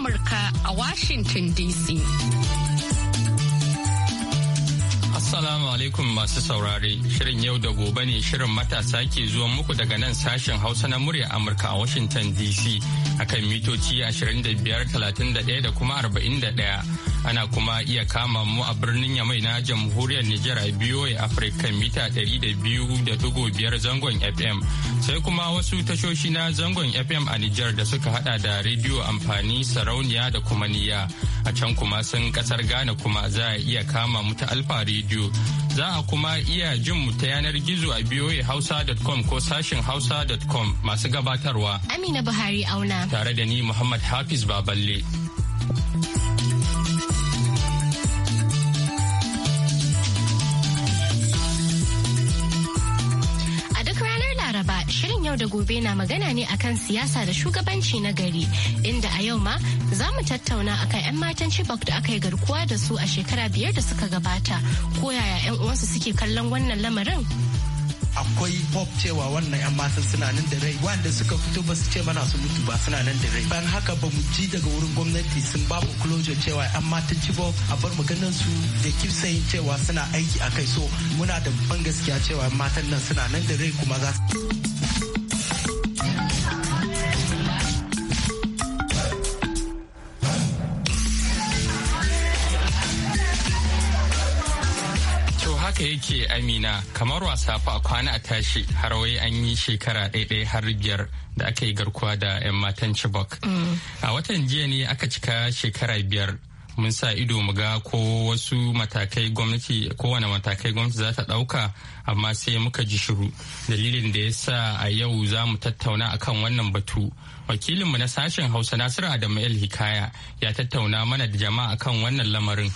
Amurka a Washington DC. Assalamu alaikum masu saurare, shirin yau da gobe ne shirin matasa ke zuwa muku daga nan sashen Hausa na murya Amurka a Washington DC akan mitoci 25, 31 da kuma 41. ana kuma iya kama mu a birnin yamai na jamhuriyar Nijar a ya afirka mita 200.5 zangon FM sai kuma wasu tashoshi na zangon FM a Nijar da suka hada da rediyo amfani sarauniya da kuma niya a can kuma sun kasar Ghana kuma za a iya kama mu ta Alfa rediyo za a kuma iya jin mu ta yanar gizo a hausa.com ko sashin hausa.com masu gabatarwa Amina Buhari auna tare da ni Muhammad Hafiz Baballe yau da gobe na magana ne akan siyasa da shugabanci na gari inda a yau ma za mu tattauna akan 'yan matan Chibok da aka yi garkuwa da su a shekara biyar da suka gabata ko yaya 'yan uwansu suke kallon wannan lamarin. akwai pop cewa wannan 'yan matan suna nan da rai wanda suka fito ba su ce mana su mutu ba suna nan da rai bayan haka ba mu ji daga wurin gwamnati sun ba mu closure cewa 'yan matan cibo a bar maganar su da keep saying cewa suna aiki a kai so muna da ban gaskiya cewa yan matan nan suna nan da rai kuma za su AK Amina kamar wasa fa kwana a tashi har wai an yi shekara ɗaiɗai har biyar da aka yi garkuwa da 'yan matan Chibok. Mm. A watan jiya ne aka cika shekara biyar mun sa ido mu ga ko wasu matakai gwamnati kowane matakai gwamnati za ta ɗauka amma sai muka ji shiru dalilin da ya sa a yau za mu tattauna akan wannan batu wakilinmu na sashen hausa nasiru adamu el hikaya ya tattauna mana da jama'a akan wannan lamarin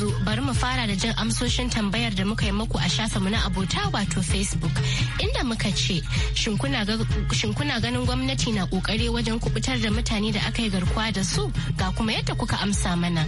yanzu bari mu fara da jin amsoshin tambayar da muka yi muku a shafinmu na abota wato Facebook inda muka ce shin kuna ganin gwamnati na kokari wajen kubutar da mutane da aka yi garkuwa da su ga kuma yadda kuka amsa mana.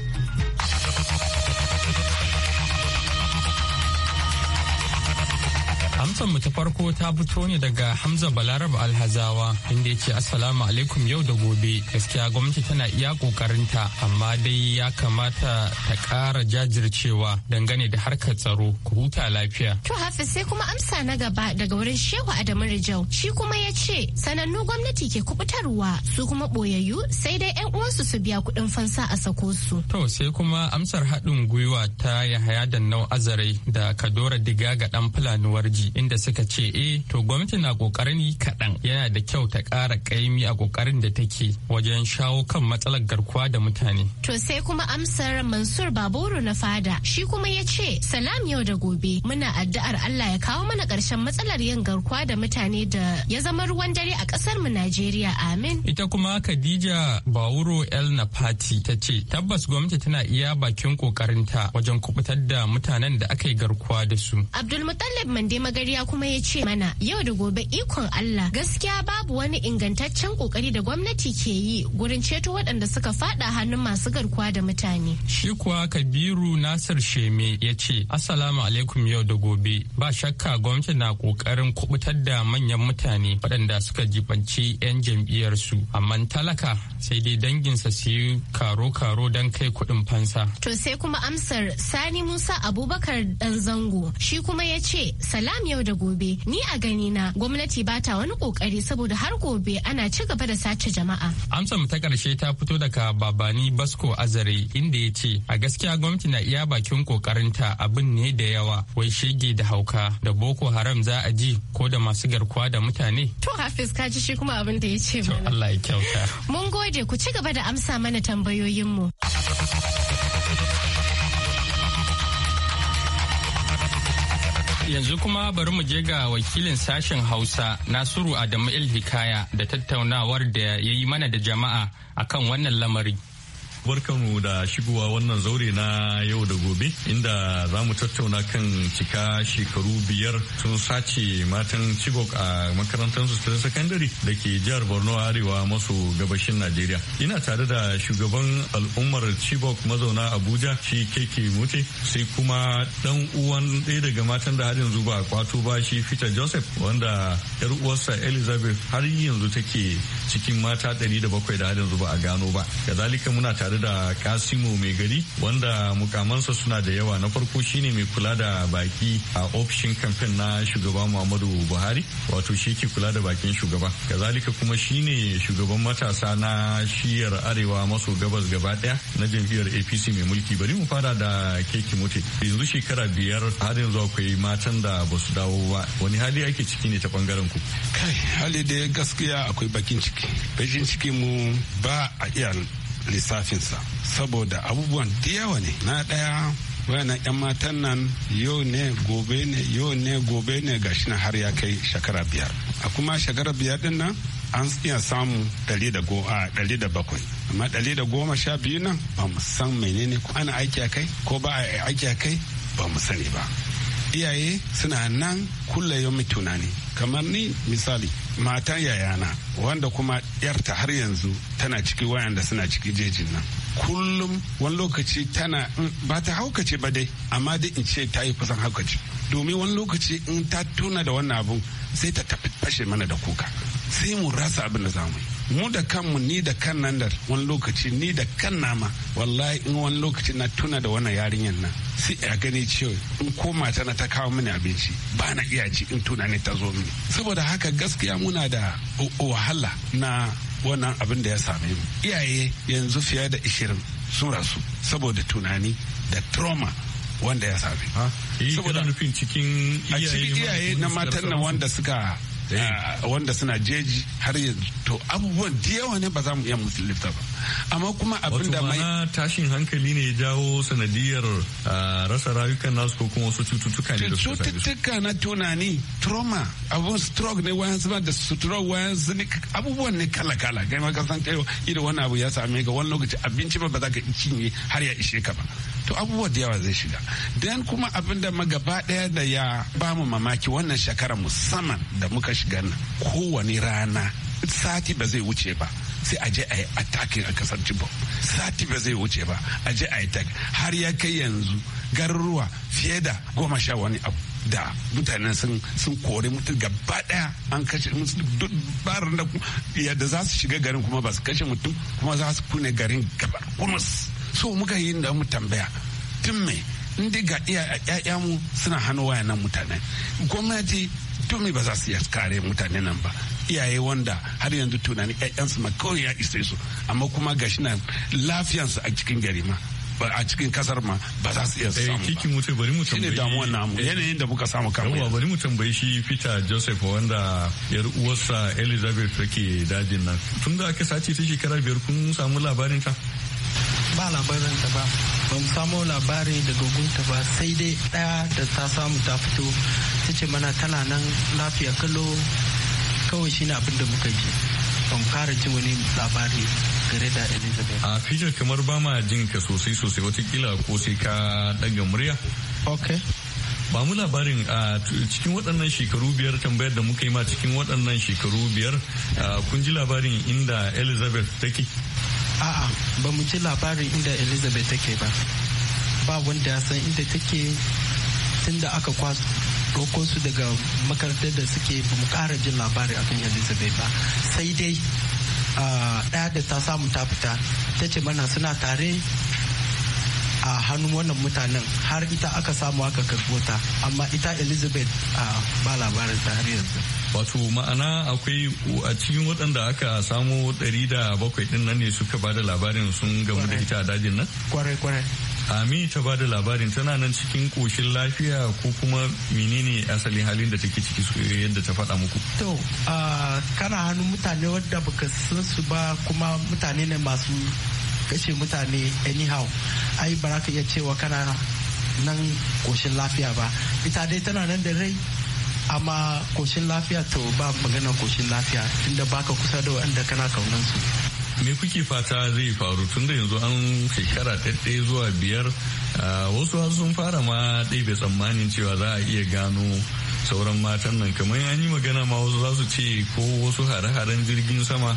Amsar mu ta farko ta fito ne daga Hamza Balarab Alhazawa inda ya ce Assalamu alaikum yau da gobe. Gaskiya gwamnati tana iya kokarinta amma dai ya kamata ta ƙara jajircewa dangane da harkar tsaro ku huta lafiya. To hafi sai kuma amsa na gaba daga wurin Shehu Adamu Rijau shi kuma ya ce sanannu gwamnati ke kubutarwa su kuma boyayyu sai dai yan uwansu su biya kuɗin fansa a sako su. To sai kuma amsar haɗin gwiwa ta Yahaya Dannau Azare da Kadora Diga ga ɗan Fulani Warji inda suka ce eh to gwamnati na kokarin yi kaɗan yana da kyau ta ƙara ƙaimi a kokarin da take wajen shawo kan matsalar garkuwa da mutane. To sai kuma amsar Mansur Baburu na fada shi kuma ya ce salam yau da gobe muna addu'ar Allah ya kawo mana ƙarshen matsalar yin garkuwa da mutane da ya zama ruwan dare a ƙasar mu Najeriya amin. Ita kuma Khadija Bawuro El Nafati ta ce tabbas gwamnati tana iya bakin ta wajen kubutar da mutanen da aka yi garkuwa da su. Abdulmutallab Mande Magai Magarya kuma ya ce mana yau da gobe ikon Allah gaskiya babu wani ingantaccen kokari da gwamnati ke yi gurin ceto waɗanda suka faɗa hannun masu garkuwa da mutane. Shi kuwa Kabiru Nasir Sheme ya ce Assalamu alaikum yau da gobe ba shakka gwamnati na kokarin kubutar da manyan mutane waɗanda suka jibanci 'yan jam'iyyarsu amma talaka sai dai danginsa su yi karo-karo don kai kuɗin fansa. To sai kuma amsar Sani Musa Abubakar ɗan zango shi kuma ya ce salam yau da gobe ni a gani na gwamnati ba ta wani kokari saboda har gobe ana ci gaba da sace jama'a amsa mu ta karshe ta fito daga babani basko azare inda ya ce a gaskiya gwamnati na iya bakin kokarin ta abin ne da yawa wai shege da hauka da boko haram za a ji ko da masu garkuwa da mutane to hafiz ka ji shi kuma abin da ya ce to Allah ya kyauta mun gode ku ci gaba da amsa mana tambayoyin mu. yanzu kuma bari mu je ga wakilin sashen Hausa Nasiru Adamu El Hikaya da tattaunawar da ya yi mana da jama'a akan wannan lamari. barkanmu da shigowa wannan zaure na yau da gobe inda za mu tattauna kan cika shekaru biyar sun sace matan Chibok a makarantar su ta sakandare da ke jihar Borno Arewa maso gabashin Najeriya. Ina tare da shugaban al'ummar Chibok mazauna Abuja shi keke mute sai kuma dan uwan ɗaya daga matan da har yanzu ba kwato ba shi fita Joseph wanda yar uwarsa Elizabeth har yanzu take cikin mata 700 da har yanzu ba a gano ba. Kazalika muna tare tare da Kasimu mai gari wanda mukamansa suna da yawa na farko shine mai kula da baki a ofishin kamfen na shugaba Muhammadu Buhari wato shi ke kula da bakin shugaba. Kazalika kuma shine shugaban matasa na shiyar arewa maso gabas gaba daya na jam'iyyar APC mai mulki bari mu fara da keki mote yanzu shekara biyar har yanzu akwai matan da ba su dawo ba wani hali ake ciki ne ta bangaren ku. Kai hali da gaskiya akwai bakin ciki. Bakin ciki mu ba a iya lissafinsa saboda abubuwan diyawa yawa ne na ɗaya wayannan 'yan matan nan yau ne gobe ne yau ne gobe ne shi na har ya kai shekara biyar a kuma shekara biyar din nan an iya samu ɗari da bakwai amma ɗari da goma sha biyu nan ba mu san menene ko ana aiki a kai ko ba a aiki a kai ba mu sani ba iyaye suna nan kulla yau tunani kamar ni misali matan yayana wanda kuma yarta har yanzu tana ciki wayanda suna ciki jejin nan kullum wani lokaci tana ba ta haukace ba dai amma dai in ce ta yi kusan haukace domin wani lokaci in ta tuna da wannan abun sai ta tafi fashe mana da kuka sai mu rasa abin da za mu yi mu da kanmu ni da kan nan da wani lokaci ni da kan nama wallahi in wani lokaci na tuna da wannan yarinyar nan sai a gani cewa in ko mata na ta kawo mini abinci ba na iya ci in tuna ne ta zo mini saboda haka gaskiya muna da wahala na wannan abin da ya same mu iyaye yanzu fiye da ishirin sun rasu saboda tunani da trauma wanda ya same eh, saboda nufin cikin iyaye na matan nan wanda suka Eh, wanda suna jeji har yanzu to abubuwan da ne ba za mu iya musu lifta ba amma kuma abin da mai tashin hankali ne ya jawo sanadiyar rasa rayukan nasu ko kuma wasu cututtuka ne da su cututtuka na tunani trauma abun stroke ne wayan ba da stroke wayan su abubuwan ne kala kala kai ma ka san kai irin wani abu ya same ka wani lokaci abinci ba ba za ka cinye har ya ishe ka ba to abubuwa da yawa zai shiga dan kuma abin da magaba daya da ya bamu mamaki wannan shekara musamman da muka shiga nan kowane rana sati ba zai wuce ba sai a je a yi attacking a kasar Chibok sati ba zai wuce ba a je a yi attack har ya kai yanzu garuruwa fiye da goma sha wani abu da mutanen sun sun kore mutum gaba daya an kashe duk barin da yadda za su shiga garin kuma ba su kashe mutum kuma za su kune garin gaba kurus so muka yi da mu tambaya tun me in dai ga iya mu suna hannu wayanan mutane gwamnati tun me ba za su yi kare mutane nan ba iyaye wanda har yanzu tunanin ƴaƴansu ma kawai ya isa su amma kuma gashi na lafiyansu a cikin gari ma a cikin kasar ma ba za su iya eh, samu ba. Kiki mutu bari mu tambayi. Shine damuwar namu eh, yanayin da muka samu kamar. Yawwa bari mu tambayi shi Peter Joseph wanda yar uwarsa Elizabeth take dajin nan. Tun da aka sace ta shekara biyar kun samu labarin ta? Ba labarin ta ba. Ban samu labari daga gunta ba sai dai ɗaya da ta samu ta fito ta ce mana tana nan lafiya kalo kawai ne abin da muka ji ban fara ji wani labari gare da elizabeth a fijar kamar ba ma jin ka sosai sosai watakila ko sai ka daga murya ok ba mu labarin a cikin waɗannan shekaru biyar tambayar da muka yi ma cikin waɗannan shekaru biyar kun ji labarin inda elizabeth take a'a ba mu ji labarin inda elizabeth take ba ba wanda ya san inda take tun da aka kwaso Dokonsu daga makarantar da suke ba mu kara jin labari akan elizabeth ba sai dai ɗaya da ta samu ta fita ta ce mana suna tare a hannun wannan mutanen har ita aka samu aka karbota amma ita elizabeth ba labarin tare yanzu wato ma'ana akwai a cikin waɗanda aka samo ɗari da bakwai ɗin nan ne suka ba da labarin sun gamu da ita a dajin nan kwarai kwarai ami ta ba da labarin tana nan cikin koshin lafiya ko kuma menene asalin halin da take ciki yadda ta faɗa muku to kana hannun mutane wadda baka san su ba kuma mutane ne masu kashe mutane anyhow ai ba za ka iya cewa kana nan koshin lafiya ba ita dai tana nan da rai amma koshin lafiya to ba magana koshin lafiya tunda baka kusa da waɗanda kana kaunan su me kuke fata zai faru tun da yanzu an shekara ɗaya zuwa biyar ah, wasu sun fara ma ɗaya tsammanin cewa za a iya gano sauran matan nan kamar ya yi magana ma wasu za su ce ko wasu hare-haren jirgin sama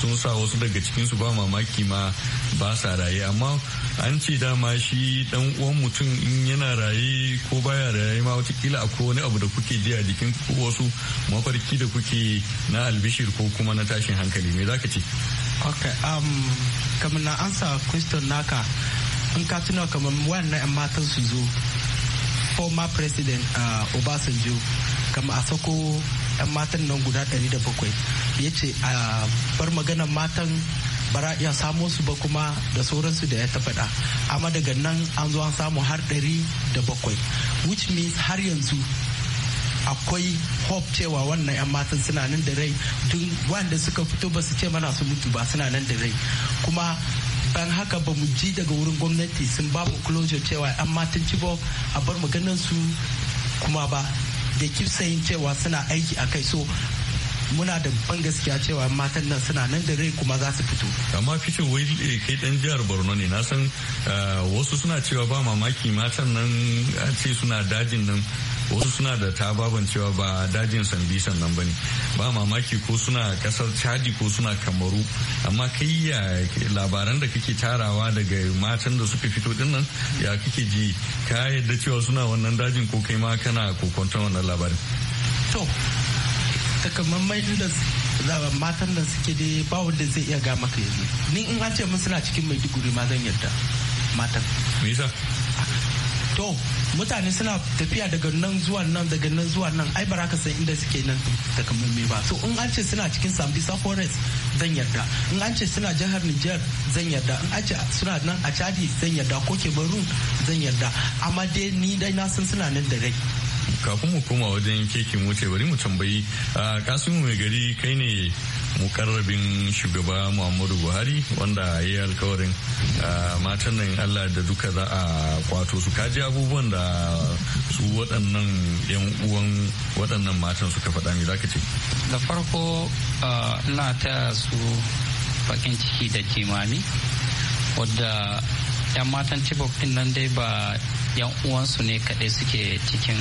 sun sa wasu daga cikinsu ba mamaki ma ba sa raye amma an ce dama shi dan uwan mutum in yana raye ko baya raye ma watakila akwai wani abu da kuke ji a jikin wasu mafarki da kuke na albishir ko kuma na tashin hankali me zaka ce ok um, kamar na ansa question naka in ka tuna kamar wannan 'yan matan su zo former president uh, obasanjo kama a sako 'yan matan nan guda 700 ya ce a bar magana matan bara iya samo su ba kuma da sauransu da ya ta amma daga nan an zo an samu har 700 da bakwai which means har yanzu akwai hope cewa wannan 'yan matan suna nan da rai tun wanda suka fito ba su ce mana su mutu ba suna nan da rai kuma ban haka ba mu ji daga wurin gwamnati sun ba mu closure cewa an matan cibo a bar maganar su kuma ba da keep cewa suna aiki a kai so muna da ban gaskiya cewa matan nan suna nan da rai kuma za su fito amma fice wai eh, kai dan jihar borno ne na san eh, wasu suna cewa ba mamaki matan nan a ce suna dajin nan wasu suna da ta baban cewa ba dajin sandi sannan ba ne ba mamaki ko suna kasar chadi ko suna kamaru amma kai ya labaran da kake tarawa daga matan da suka fito din nan ya kake ji ka yadda cewa suna wannan dajin ko kai ma kana kokonta wannan labarin to mai inda matan da suke da ba wanda zai iya ga ka yanzu ni in an ce mun suna cikin mai diguri ma zan yarda matan me yasa to mutane suna tafiya daga nan zuwa nan daga nan zuwa nan ai bara ka san inda suke nan takamaimai ba so in an ce suna cikin sambisa forest zan yarda in an ce suna jihar niger zan yarda in an ce suna nan a chadi zan yarda ko kemarun zan yarda amma dai ni dai na san suna nan da rai kafin mu koma wajen keke wuce bari mu tambayi a kasimu mai gari kai ne mukarrabin shugaba muhammadu buhari wanda ya yi alkawarin matan nan allah da duka za a kwato su kaji abubuwan da su waɗannan yan uwan waɗannan matan suka faɗa mai zaka ce da farko ina ta su bakin ciki da jimami wadda yan matan cibok nan dai ba yan uwansu ne kaɗai suke cikin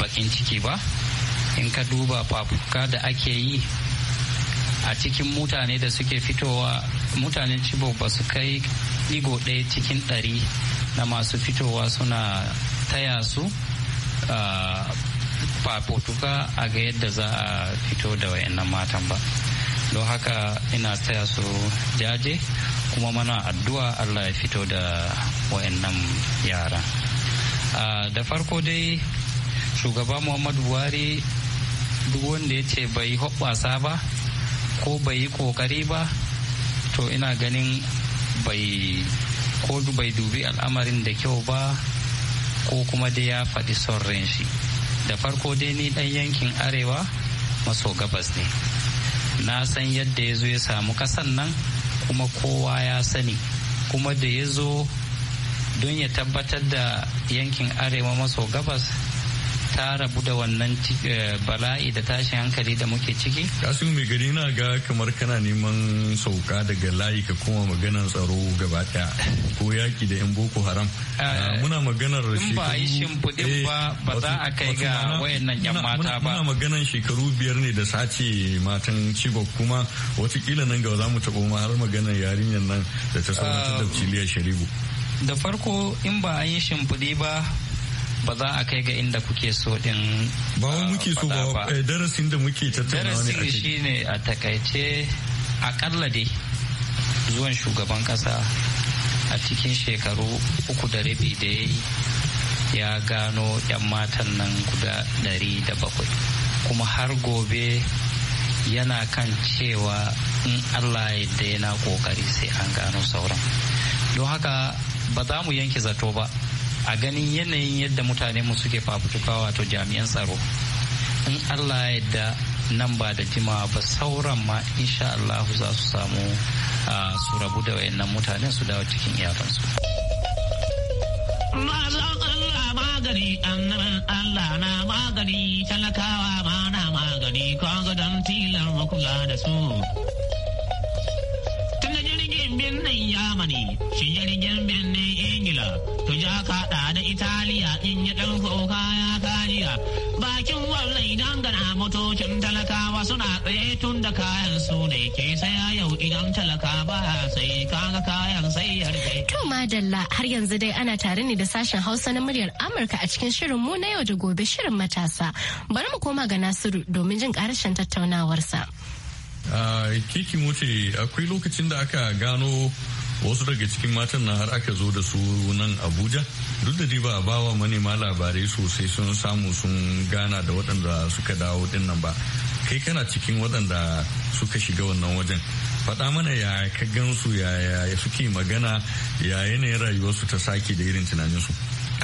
bakin ciki ba in ka duba fafuka da ake yi a cikin mutane da suke fitowa mutanen cibo ba su kai digo ɗaya cikin ɗari na masu fitowa suna taya su fafutuka a ga yadda za a fito da wayannan matan ba don haka ina taya su jaje kuma mana addu'a allah ya fito da nan yaran da farko dai shugaba muhammadu buhari duk wanda ya ce bai hoɓɓasa ba ko bai yi ƙoƙari ba to ina ganin bai ko bai dubi al'amarin da kyau ba ko kuma dai ya faɗi son ran shi da farko dai ni dan yankin arewa maso gabas ne na san yadda ya zo ya samu kasan nan kuma kowa ya sani kuma da ya zo don ya tabbatar da yankin arewa maso gabas ta rabu da wannan eh, bala'i da tashin hankali da muke ciki? Kasimu mai gari na ga kamar kana neman sauka daga layi ka kuma maganar tsaro gaba ko yaki da yan boko haram. Eh, ah, muna maganar shekaru. ba a yi shimfiɗin eh, ba ba za a kai ga wayannan yan mata ba. Muna maganar shekaru biyar ne da sace matan Chibok kuma watakila nan gaba za mu taɓo ma har maganar yarinyar nan da ta sauran ta da ah, Sharibu. Da farko in ba a yi shimfiɗi ba ba za a kai ga inda kuke so din ba wa muke so ba eh, darasin da muke tattauna ake. darasin ne a takaice akalla dai zuwan shugaban kasa a cikin shekaru uku da rabi da ya ya gano 'yan matan nan guda ɗari da bakwai kuma har gobe yana kan cewa in allah yadda yana kokari sai an gano sauran don haka ba za mu yanke zato ba a ganin yanayin yadda mutane mu suke fafutuka wato jami'an tsaro in allah ya yadda nan ba da jimawa ba sauran ma insha allahu za su samu su rabu da wayannan mutanen su dawo cikin iyakansu magani Allah na magani talakawa ma na kaga da su tun da jirgin birnin yamani shi jirgin birnin Italiya, to kaɗa da Italiya in ya ɗan sauka ya Bakin wannan idan gana motocin talakawa suna tsaye tun da kayan su ne ke saya yau idan talaka ba sai kaga kayan sai ya To madalla har yanzu dai ana tare ne da sashen Hausa na muryar Amurka a cikin shirin mu na yau da gobe shirin matasa. Bari mu koma ga Nasiru domin jin ƙarashin tattaunawarsa. Uh, kiki mutu akwai lokacin da aka gano wasu daga cikin matan na har aka zo da su nan abuja duk da ba a bawa manema labarai sosai sun samu sun gana da waɗanda suka dawo dinnan ba kai kana cikin waɗanda suka shiga wannan wajen faɗa mana ya ka gansu ya suke magana ya yanayin rayuwarsu ta sake da irin tunaninsu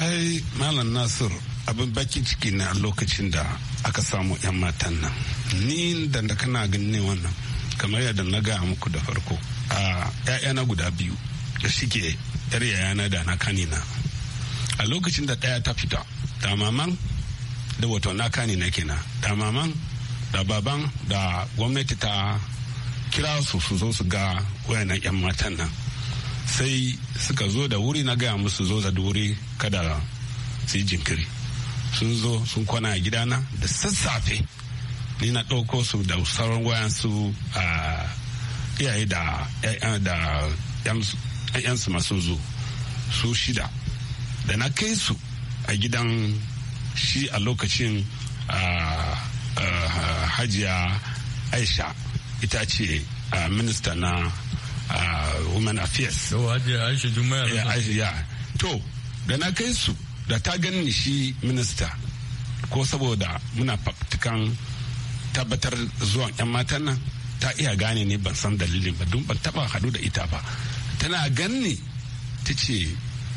ai malam nasir abin bakin ciki na lokacin da aka samu 'yan matan nan ni da kana ganin wannan kamar yadda na gaya muku da farko 'ya'yana guda biyu da suke yar yayana da na kanina a lokacin da ɗaya ta fita da maman da wato na kanina kenan da maman da baban da gwamnati ta kira su su zo su ga wayannan 'yan matan nan sai suka zo da wuri na gaya musu zo da wuri kada su yi jinkiri sun zo sun kwana a gidana da sassafe ni na ɗauko su da sauran wayansu a iyaye da da yansu masu zo su shida da na kai su a gidan shi a lokacin hajiya aisha ita ce minista na women affairs aisha juma'a to da na kai su da ta gani shi minista ko saboda muna faftikan tabbatar zuwan 'yan matan nan ta iya gane ne ban san dalilin ba don ban taba hadu da ita ba tana ganni ta ce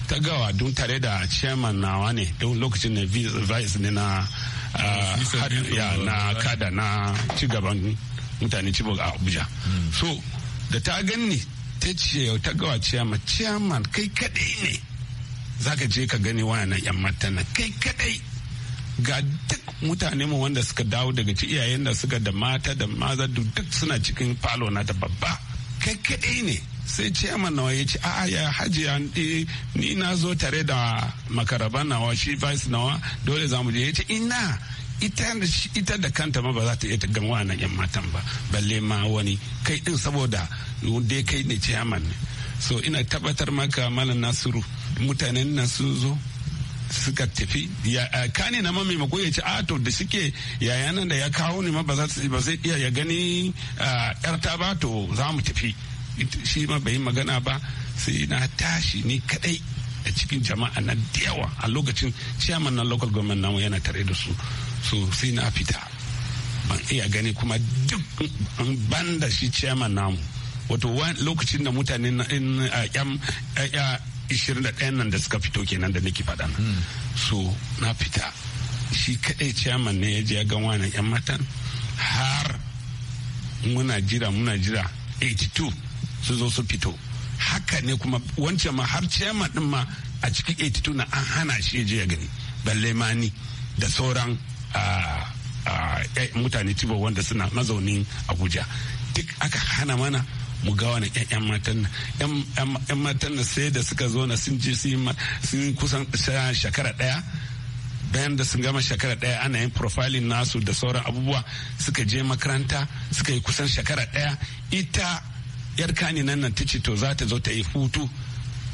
ta gawa don tare da chairman nawa ne don lokacin na vice ne na ah, na kada na cigaban mutane cibok a abuja hmm. so da ta ganni ta ce ta gawa chairman chairman kai kadai ne zaka je ka gani wannan yan matan kai kadai ga duk mutane mu wanda suka dawo daga ci iyayen da suka da mata da maza duk suna cikin falo na da babba kai kadai ne sai ciyaman nawa ya ce a'a ya hajiya ni na zo tare da makaraban nawa shi vice nawa dole za mu je ya ce ina ita da ita kanta ma ba za ta iya ta gan wannan yan matan ba balle ma wani kai din saboda dai kai ne ciyaman ne so ina tabbatar maka malam nasiru mutanen nan sun zo suka tafi kane na mami mako ya ce a ah, to da suke yaya nan da ya kawo ni ma ba zai iya ya gani ta ba to za mu tafi shi ma bai magana ba sai na tashi ni kadai a cikin jama'a na yawa a lokacin chairman na local government namu yana tare da su so sai na fita ban iya gani kuma duk ban da shi chairman namu wato lokacin da mutane na 21 nan da suka fito kenan da nake faɗa so na fita shi kaɗai ciyaman ne ya je ga wani 'yan matan har muna jira muna jira 82 su zo su fito haka ne kuma wancan ma har chairman din ma a cikin 82 na an hana shi ya je ya gani balle ma ni da sauran mutane tibo wanda suna mazaunin abuja duk aka hana mana mu ga wani ƴan matan nan ƴan matan nan sai da suka zo na sun je sun kusan shekara ɗaya bayan da sun gama shekara ɗaya ana yin profiling nasu da sauran abubuwa suka je makaranta suka yi kusan shekara ɗaya ita yar kani nan nan tace to za ta zo ta yi hutu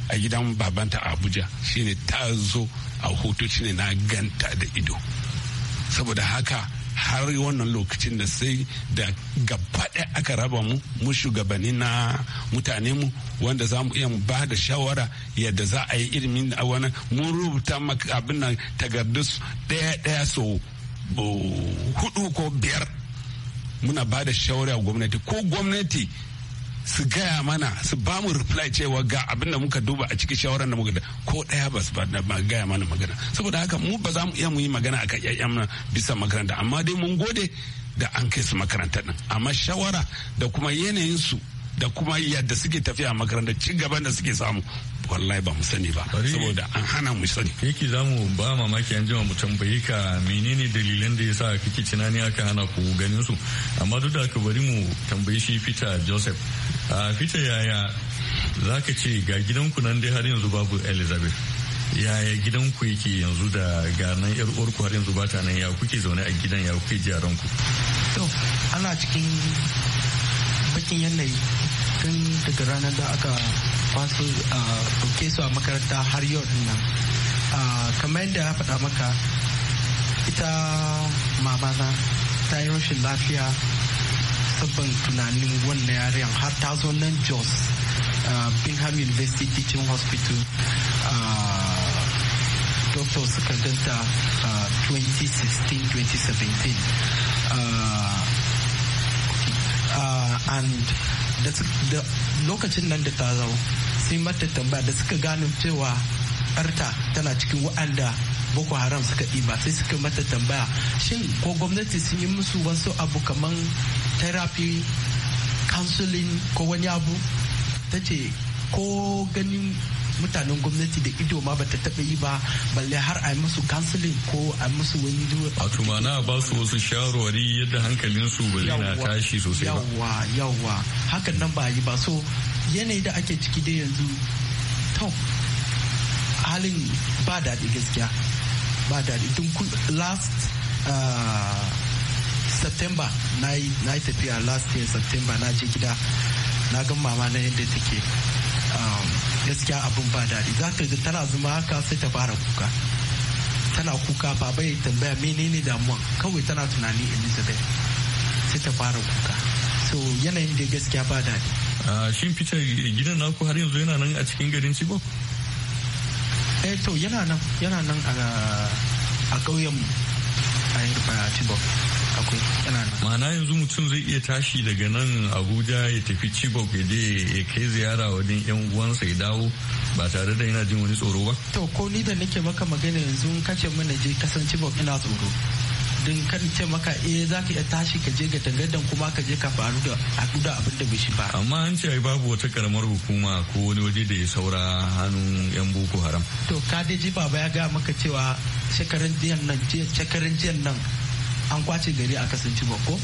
a gidan babanta a abuja shine ta zo a hutu shine na ganta da ido saboda haka har wannan lokacin da sai da gaba aka raba mu mu shugabanni na mutane mu wanda za mu iya ba da shawara yadda za a yi ilimin a wani mun rubuta maka abin nan takardu ɗaya ɗaya so oh, hudu ko biyar muna ba da shawara gwamnati ko gwamnati su gaya mana su ba mu reply cewa ga abin da muka duba a cikin shawarar da muka da ko daya ba su ba gaya mana magana saboda haka mu ba za mu iya mu yi magana akan ƴaƴan na bisa makaranta amma dai mun gode da an kai su makaranta din amma shawara da kuma yanayin su da kuma yadda suke tafiya a makarantar ci gaban da suke samu wallahi ba mu sani ba saboda an hana mu sani yake za mu ba mamaki an jima mu tambaye ka menene dalilan da ya sa kake tunani aka hana ku ganin su amma duk da bari mu tambayi shi fita Joseph a Fita yaya zaka ce ga gidanku nan dai har yanzu babu Elizabeth yaya gidanku yake yanzu da ganan yar uwarku har yanzu bata nan ya kuke zaune a gidan ya kuke ku? to ana cikin bakin yanayi tun daga ranar da aka kwaso ɗauke su a makaranta har yau din nan kamar yadda ya faɗa maka ita mamana ta yi rashin lafiya sabon tunanin wannan yaren har ta zo nan jos bingham university teaching hospital doctor suka ganta 2016-2017 and da lokacin nan da ta zau sai mata tambaya da suka gano cewa arta tana cikin wa'anda boko haram suka ɗiba sai suka mata tambaya shin ko gwamnati sun yi musu wasu abu kaman therapy counseling ko wani abu ta ce ko ganin mutanen gwamnati da ido ma bata taɓa yi ba balle har a yi musu counseling ko a yi musu wani a tumana ba su wasu shawarwari yadda hankalinsu ba zai na tashi sosai ba yawwa yawwa hakan nan ba yi ba so yanayi da ake ciki dai yanzu to halin ba daɗi gaskiya ba daɗi tun last ah, september na yi tafiya last year september na je gida na gan mama na yadda take gaskiya abin ba daɗi za ka tana zuma haka sai ta fara kuka tana kuka baba bai tambaya menene damuwa kawai tana tunani elizabeth sai ta fara kuka so yanayin da gaskiya ba daɗi shin fita gidan naku har yanzu yana nan a cikin garin cibo eh to yana nan yana nan a ƙauyen a chibok akwai Mana yanzu mutum zai iya tashi daga nan Abuja ya tafi Chibok ya je ya kai ziyara wajen yan uwansa ya dawo ba tare da yana jin wani tsoro ba. To ko ni da nake maka magana yanzu in kace mana je kasan Chibok ina tsoro. don kan ce maka eh za ka iya tashi ka je ga tangadan kuma ka je ka faru da haɗu da abin da bai ba. Amma an ce ai babu wata karamar hukuma ko wani waje da ya saura hannun 'yan Boko Haram. To ka ji baba ya ga maka cewa shekaran jiyan nan shekaran jiyan nan an kwace gari a kasance bako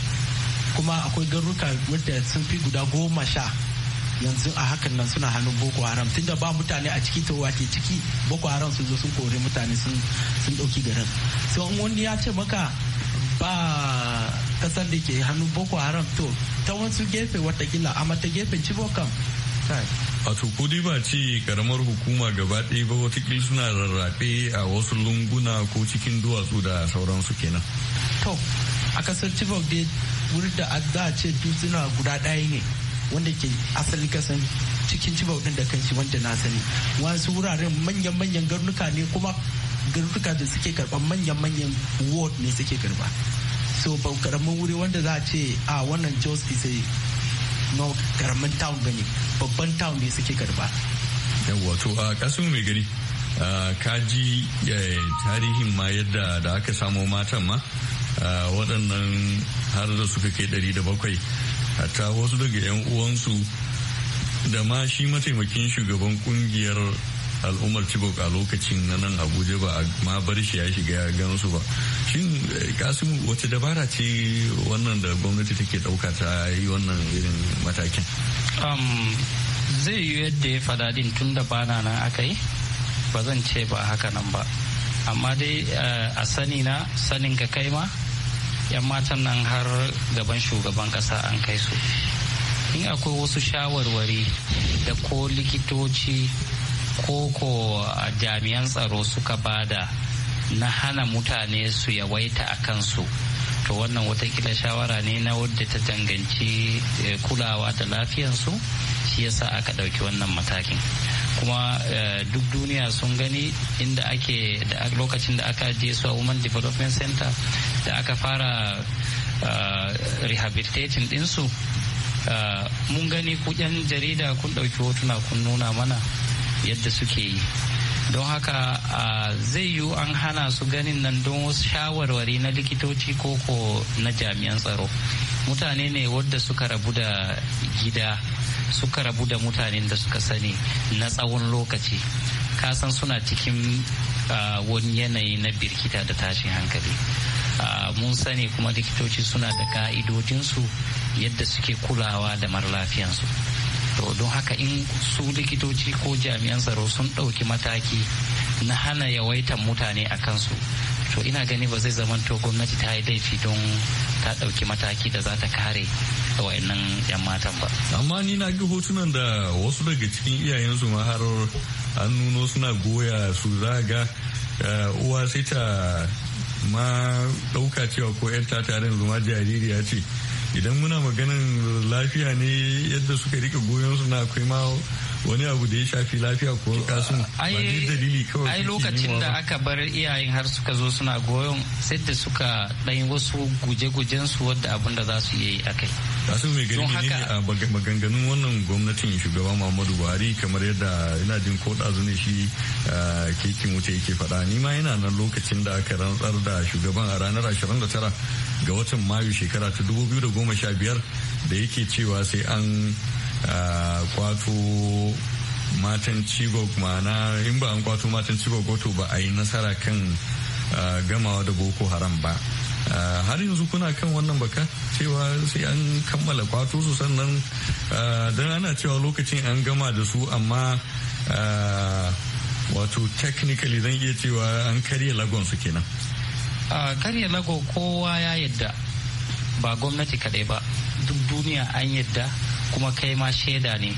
kuma akwai garuruka wadda sun fi guda goma sha yanzu a hakan nan suna hannun boko haram tunda ba mutane a ciki towa ke ciki boko haram sun zo sun kore mutane sun ɗauki garin so in wani ya ce maka ba kasar da ke hannun boko haram to ta wasu gefe watakila amma ta gefen cibokan wato ko dai ba ce karamar hukuma gaba ɗaya ba watakila suna rarrafe a wasu lunguna ko cikin duwatsu da sauransu kenan to a kasar chibok dai wurin da za a ce dutsuna guda ɗaya ne wanda ke asali kasan cikin chibok ɗin da kanshi wanda na sani wasu wuraren manyan-manyan garnuka ne kuma garnuka da suke karɓar manyan-manyan ward ne suke karɓa so ba karamin wuri wanda za a ce a ah, wannan jos Isai no karamin town bane babban town ne suke karba yawa to a kasan mai gari ka ji eh, tarihin ma yadda da aka samo matan ma waɗannan har da suka kai ɗari da bakwai hatta wasu daga 'yan uwansu da ma shi mataimakin shugaban kungiyar al'ummar Chibok a lokacin na nan Abuja ba a ma bar shi ya shiga ya gan su ba. Shin eh, Kasimu wace dabara ce wannan da gwamnati take ɗauka ta yi wannan irin matakin? Um, zai yi yadda ya fada din tun da bana nan aka yi ba zan ce ba haka nan ba amma dai eh, a sani na sanin ka kai ma yan matan nan har gaban shugaban kasa an kai su in akwai wasu shawarwari da ko likitoci koko jami'an tsaro suka bada na hana mutane su yawaita a kansu to wannan watakila shawara ne na wadda ta danganci eh, kulawa da lafiyansu shi yasa aka ɗauki wannan matakin kuma eh, duk duniya sun gani inda ake da lokacin da aka je su a women development center da aka fara eh, rehabilitating ɗinsu mun gani ku jarida kun ɗauki hotuna kun nuna mana yadda suke yi don haka zai yiwu an hana su ganin nan don wasu shawarwari na likitoci koko na jami'an tsaro mutane ne wadda suka rabu da gida suka rabu da mutanen da suka sani na tsawon lokaci kasan suna cikin wani yanayi na birkita da tashin hankali mun sani kuma likitoci suna da ka'idojinsu yadda suke kulawa da mara lafiyansu to don haka in su likitoci ko jami'an tsaro sun ɗauki mataki na hana yawaitan mutane a kansu to ina gani ba zai zamanto gwamnati ta yi laifi don ta ɗauki mataki da za ta kare wa'annan 'yan matan ba. Amma ni na ga hotunan da wasu daga cikin iyayensu ma har an nuno suna goya su za ga eh, uwa sai ta ma ɗauka cewa ko 'yan tatarin zuma jaririya ce. idan muna maganin lafiya ne yadda suka rika goyon su na akwai ma wani abu da ya shafi lafiya ko kasu. ba dalili kawai ai lokacin da aka bar iyayen har suka zo suna goyon sai da suka ɗan wasu guje-gujen su wadda abin da za su yi a kai kasu mai gari ne a maganganun wannan gwamnatin shugaba muhammadu buhari kamar yadda ina jin ko ne shi kin wuce yake faɗa ni ma yana nan lokacin da aka rantsar da shugaban a ranar 29 ga watan mayu shekara ta 2015 da yake cewa sai an kwato matan cigog ma'ana in ba an kwato matan cigog wato ba a yi nasara kan gamawa da boko haram ba har yanzu kuna kan wannan baka cewa sai an kammala kwato su sannan don ana cewa lokacin an gama da su amma wato technically zan iya cewa an karya lagon su kenan karya lago kowa ya yadda ba gwamnati kadai ba duk duniya an yadda kuma kai ma shaida ne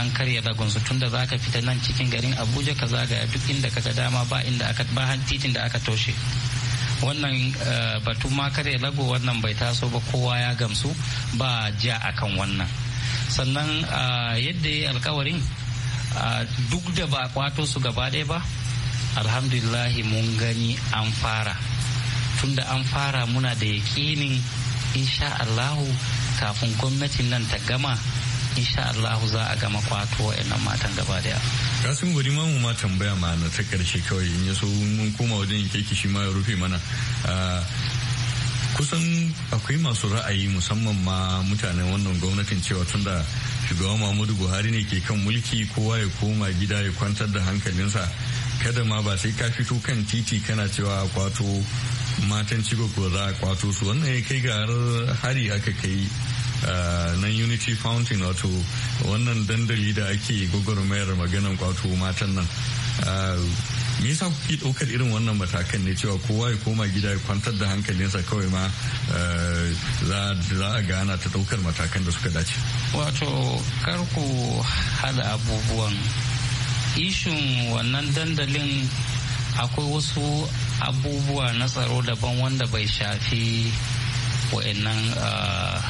an karya su tunda za ka fita nan cikin garin abuja ka zagaya duk inda ka ga dama ba inda aka ba titin da aka toshe wannan eh, batu ma karya lago wannan bai taso ba kowa ya gamsu ba ja akan wannan sannan eh, yadda ya yi alkawarin eh, duk da ba kwato su gaba ɗaya ba alhamdulillahi mun gani an fara tunda an fara muna da yakinin insha allahu kafin gwamnatin nan ta gama insha Allah za a gama kwato wa'annan matan gaba daya. Kasim gudi ma mu ma tambaya ma na ta karshe kawai in ya so mun koma wajen yake shi ma ya rufe mana. Ah, kusan akwai masu ra'ayi musamman ma mutanen wannan gwamnatin cewa tun da shugaba Muhammadu Buhari ne ke kan mulki kowa ya koma gida ya kwantar da hankalinsa kada ma ba sai ka fito kan titi kana cewa kwato matan ko za a kwato su wannan ya kai ga hari aka kai na unity fountain wato wannan dandali da ake gwagwarmayar maganan kwato matan nan me yasa kuke ɗaukar irin wannan matakan ne cewa kowa ya koma gida ya kwantar da hankalinsa kawai ma za a gana ta ɗaukar matakan da suka dace wato kar ku hada abubuwan ishin wannan dandalin akwai wasu abubuwa na tsaro daban wanda bai shafi wa'annan ah,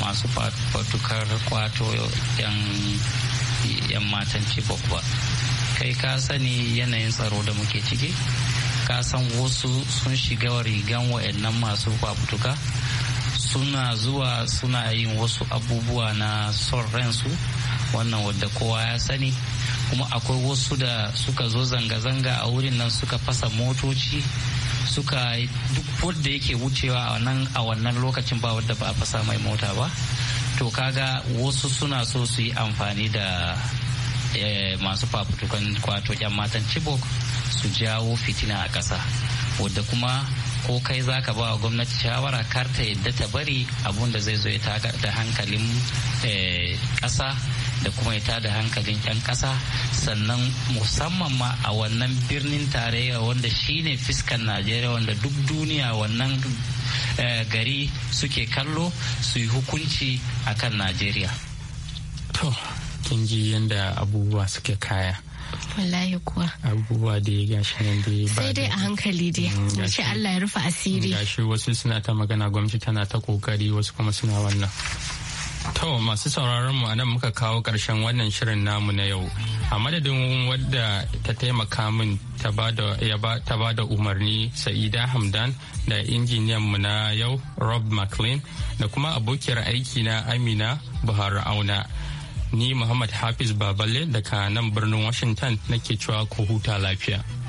masu fatukar kwato 'yan matan cibok ba kai ka sani yanayin tsaro da muke ciki ka san wasu sun shiga rigan wa'annan masu fatuka suna zuwa suna yin wasu abubuwa na son ransu wannan wadda kowa ya sani kuma akwai wasu da suka zo zanga-zanga a wurin nan suka fasa motoci suka duk wadda yake wucewa a wannan lokacin ba wadda ba a fasa mai mota ba to kaga wasu suna so su yi amfani da eh, masu fafutukan kwato yan matan chibok su jawo fitina a ƙasa wadda kuma ko kai za ka ba wa gwamnati shawara kar ta yadda ta bari abun da zai zo ya ta da hankalin eh, ƙasa da kuma ita da hankalin 'yan ƙasa sannan musamman ma a wannan birnin tarayya wanda shine fiskan najeriya wanda duk duniya wannan eh, gari suke kallo su yi hukunci a kan najeriya to kin ji yadda abubuwa suke kaya wallahi kuwa abubuwa da ya gashi nan da ya sai dai a hankali dai wace mm, Allah ya rufe asiri gashi wasu suna ta magana gwamnati tana ta kokari wasu kuma suna wannan To masu sauraron mu anan muka kawo ƙarshen wannan shirin namu na yau. A madadin wadda ta taimaka min ta ba da umarni Sa'ida Hamdan da injiniyan mu na yau Rob McLean da kuma abokiyar aiki na Amina Buhari Auna. Ni Muhammad Hafiz Baballe daga nan birnin Washington nake cewa ku huta lafiya.